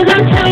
I'm telling